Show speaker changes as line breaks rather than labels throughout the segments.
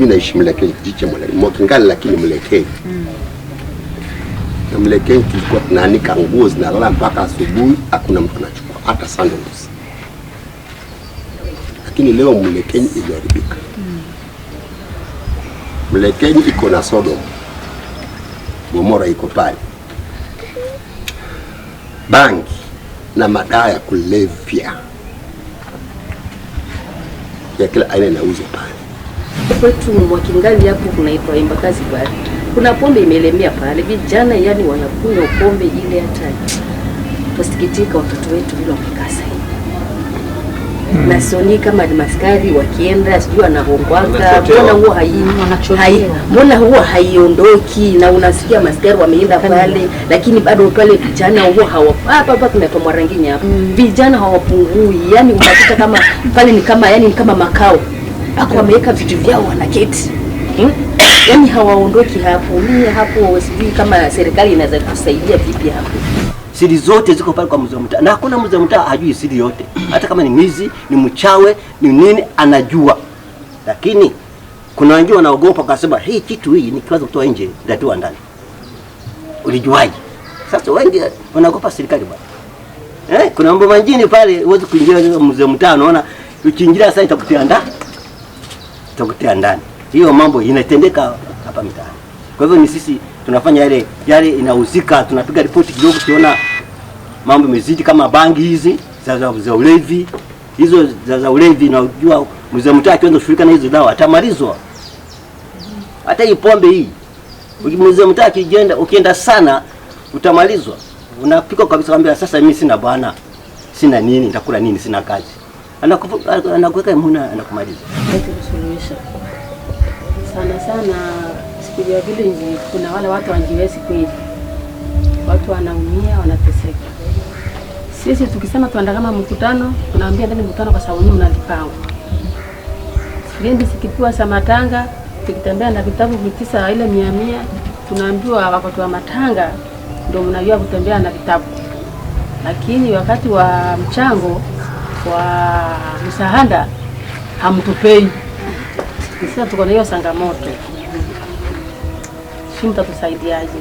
mimi naishi Mlekeni, kijiji cha Mwakingali, lakini Mlekeni mm. na Mlekeni tulikuwa tunaanika nguo zinalala mpaka asubuhi, hakuna mtu anachukua hata sandals, lakini leo Mlekeni imeharibika mm. Mlekeni iko na sodom Gomora iko pale, bangi na madawa ya kulevya ya kila aina inauzwa pale
kwetu Mwakingali hapo kunaitwa Embakazi bali kuna pombe imelemea pale, vijana yani wanakunywa pombe ile, hata tusikitika watoto wetu bila mkasa hmm. na sioni kama maskari wakienda sijui anahongwaka, mbona huo hmm, hai, mbona huo haiondoki, na unasikia maskari wameenda pale, lakini bado pale vijana huo hawa hapa hapa kunaitwa Mwarangini hapa hmm. vijana hawapungui, yani unakuta kama pale ni kama yani ni kama makao mpaka wameweka vitu vyao wanaketi hmm? Yaani hawaondoki hapo. Mimi hapo sijui kama serikali inaweza kusaidia vipi hapo.
Siri zote ziko pale kwa mzee wa mtaa, na hakuna mzee wa mtaa hajui siri yote, hata kama ni mwizi, ni mchawe, ni nini, anajua. Lakini kuna wengine wanaogopa, kasema hii kitu hii ni nikiwaza kutoa nje nitatoa ndani. Ulijuaje? Sasa wengi wanaogopa serikali bwana. Eh, kuna mambo mengine pale huwezi kuingia mzee wa mtaa, unaona ukiingia sasa itakutia ndani kutokea ndani. Hiyo mambo inatendeka hapa mitaani. Kwa hivyo ni sisi tunafanya yale yale inahusika, tunapiga ripoti kidogo, tukiona mambo imezidi, kama bangi hizi za ulevi hizo za ulevi. Najua mzee mtaa akianza kushughulika na hizo dawa atamalizwa. Hata hii pombe hii mzee mtaa akijenda, ukienda sana utamalizwa, unapikwa kabisa, kwambia sasa mimi sina bwana, sina nini, nitakula nini, sina kazi anakuweka muna anakumaliza. Kusuluhisha
sana sana siku ya village, kuna wale watu wanjiwezi kweli, watu wanaumia, wanateseka. Sisi tukisema tuanda kama mkutano, tunaambia ndani mkutano, kwa sababu mnalipanga sikipua Sikipiwa samatanga, tukitembea na vitabu vitisa ile mia mia, tunaambiwa wakati wa matanga ndio mnajua kutembea na vitabu, lakini wakati wa mchango kwa msaada hamtupei. Sasa tuko na hiyo changamoto, si mtatusaidiaje?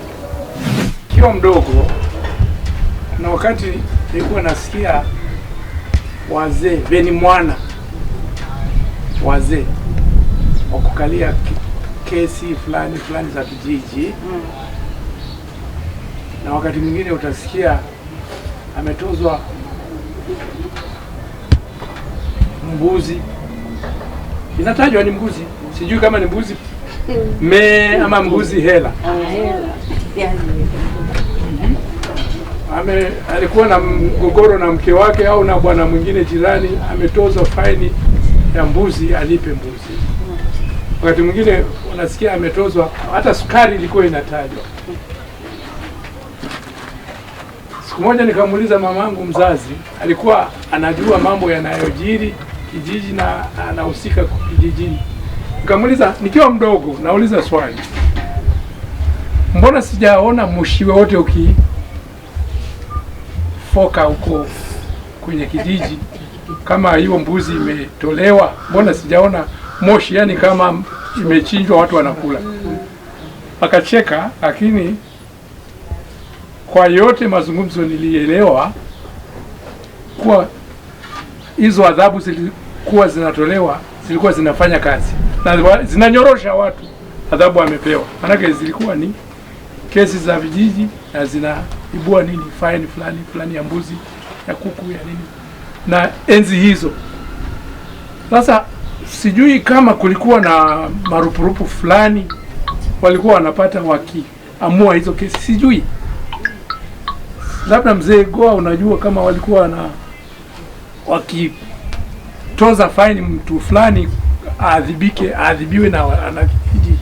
kio mdogo na wakati nilikuwa nasikia wazee veni mwana wazee wakukalia kesi fulani fulani za kijiji mm. Na wakati mwingine utasikia ametozwa mbuzi, inatajwa ni mbuzi, sijui kama ni mbuzi hmm. me ama mbuzi hela
ah, mhm.
ame, alikuwa na mgogoro na mke wake au na bwana mwingine jirani, ametozwa faini ya mbuzi, alipe mbuzi. Wakati mwingine unasikia ametozwa hata sukari, ilikuwa inatajwa. Siku moja nikamuuliza mamangu mzazi, alikuwa anajua mambo yanayojiri kijiji na anahusika kijijini. Nikamuuliza, nikiwa mdogo nauliza swali, mbona sijaona moshi wote ukifoka huko kwenye kijiji? Kama hiyo mbuzi imetolewa, mbona sijaona moshi, yani kama imechinjwa, watu wanakula. Akacheka, lakini kwa yote mazungumzo nilielewa kuwa hizo adhabu kuwa zinatolewa zilikuwa zinafanya kazi na zinanyorosha watu adhabu amepewa, maanake zilikuwa ni kesi za vijiji na zinaibua nini faini fulani fulani ya mbuzi ya kuku ya nini na enzi hizo. Sasa sijui kama kulikuwa na marupurupu fulani walikuwa wanapata wakiamua hizo kesi, sijui labda mzee Goa, unajua kama walikuwa na waki kutoza faini mtu fulani aadhibike, aadhibiwe na wanakijiji,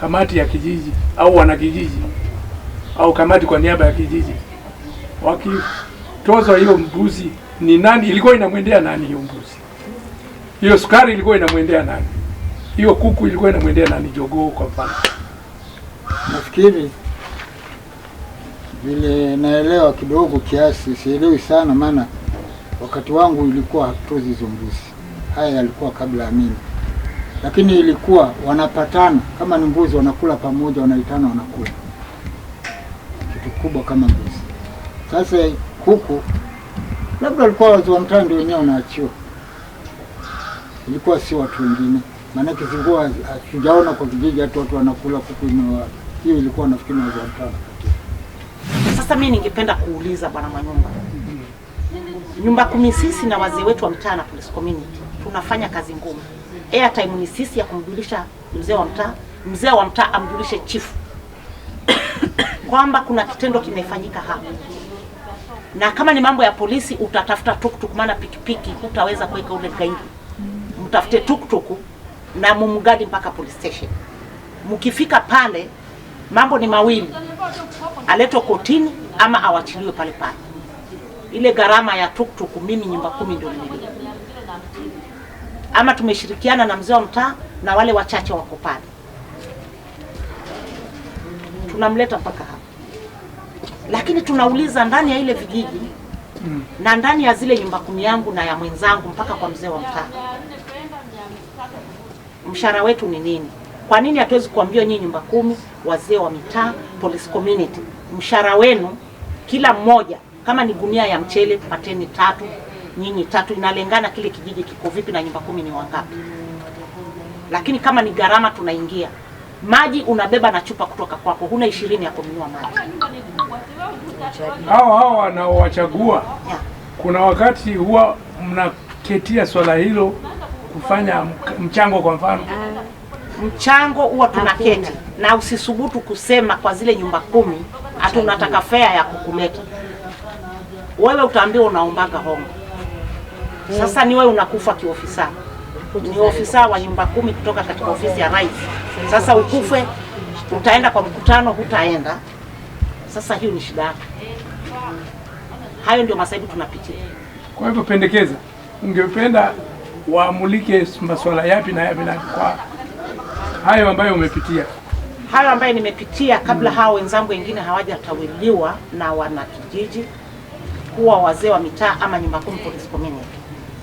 kamati ya kijiji au wanakijiji au kamati kwa niaba ya kijiji. Wakitozwa hiyo mbuzi, ni nani ilikuwa inamwendea nani? Hiyo mbuzi, hiyo sukari ilikuwa inamwendea nani? Hiyo kuku ilikuwa inamwendea nani? Jogoo kwa mfano.
Nafikiri vile naelewa kidogo kiasi, sielewi sana, maana wakati wangu ilikuwa hatutozi hizo mbuzi haya yalikuwa kabla ya mimi, lakini ilikuwa wanapatana kama ni mbuzi, wanakula pamoja, wanaitana, wanakula kitu kubwa kama mbuzi. Sasa kuku labda walikuwa wazi wa mtaa ndio wenyewe wanaachiwa, ilikuwa si watu wengine, maanake sikuwa hatujaona kwa kijiji hata watu wanakula kuku. Hiyo ilikuwa nafikiri wazi wa mtaa.
Sasa mi ningependa kuuliza bwana Mwanyumba, nyumba kumi sisi na wazee wetu wa mtaa na Police Community tunafanya kazi ngumu. Airtime ni sisi ya kumjulisha mzee wa mtaa, mzee wa mtaa amjulishe chifu kwamba kuna kitendo kimefanyika hapa, na kama ni mambo ya polisi utatafuta tuktuk, maana pikipiki hutaweza kuweka ule gaidi, mtafute tuktuk na mumgadi mpaka police station. Mkifika pale mambo ni mawili, aletwe kotini ama awachiliwe pale pale. Ile gharama ya tuktuk mimi nyumba kumi ndio nilipa ama tumeshirikiana na mzee wa mtaa na wale wachache wako pale, tunamleta mpaka hapa, lakini tunauliza ndani ya ile vijiji na ndani ya zile nyumba kumi yangu na ya mwenzangu mpaka kwa mzee wa mtaa, mshahara wetu ni nini? Kwa nini hatuwezi kuambia nyinyi nyumba kumi, wazee wa mitaa, police community, mshahara wenu kila mmoja kama ni gunia ya mchele pateni tatu nyinyi tatu, inalingana kile kijiji kiko vipi na nyumba kumi ni wangapi. Lakini kama ni gharama tunaingia maji, unabeba na chupa kutoka kwako, huna ishirini ya kununua maji.
Hao hao wanaowachagua kuna wakati huwa mnaketia swala hilo kufanya mchango, kwa mfano ah.
mchango huwa tunaketi na usisubutu kusema kwa zile nyumba kumi hata unataka fea ya kukuleta wewe, utaambiwa unaombaga hongo. Mm. Sasa ni wewe unakufa kiofisa, ni ofisa wa nyumba kumi kutoka katika ofisi ya rais. Sasa ukufe, utaenda kwa mkutano, hutaenda. Sasa hiyo ni shida yako. Hayo ndio masaibu tunapitia.
Kwa hivyo pendekeza, ungependa waamulike masuala yapi na yapi, na kwa hayo ambayo umepitia?
Hayo ambayo nimepitia kabla mm. hao wenzangu wengine hawajatawiliwa na wanakijiji kuwa wazee wa mitaa ama nyumba kumi municipal community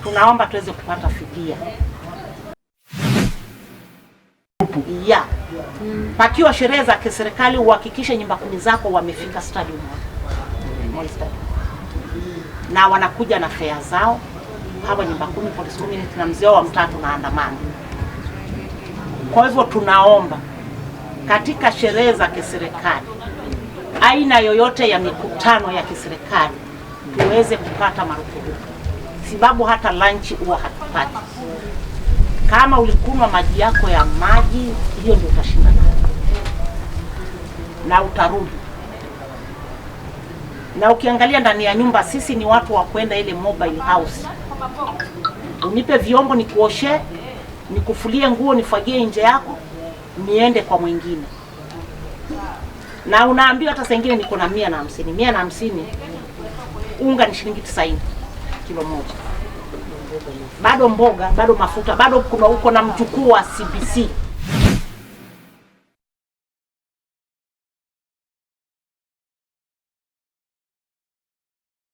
tunaomba tuweze kupata fidia ya mm. Pakiwa sherehe za kiserikali, uhakikishe nyumba kumi zako wamefika stadium na wanakuja na fea zao. Hawa nyumba kumi polisi kumi na mzee wa mtaa tunaandamana. Kwa hivyo tunaomba katika sherehe za kiserikali, aina yoyote ya mikutano ya kiserikali tuweze kupata marupurupu sababu hata lunch huwa hatupati. Kama ulikunywa maji yako ya maji, hiyo ndio utashinda nayo na utarudi. Na ukiangalia ndani ya nyumba, sisi ni watu wa kwenda ile mobile house, unipe vyombo nikuoshe, nikufulie nguo, nifagie nje yako, niende kwa mwingine na unaambiwa hata saa ingine niko na mia na hamsini mia na hamsini unga ni shilingi tisaini kilo moja, bado mboga, bado mafuta, bado kuna uko na mchukuu wa CBC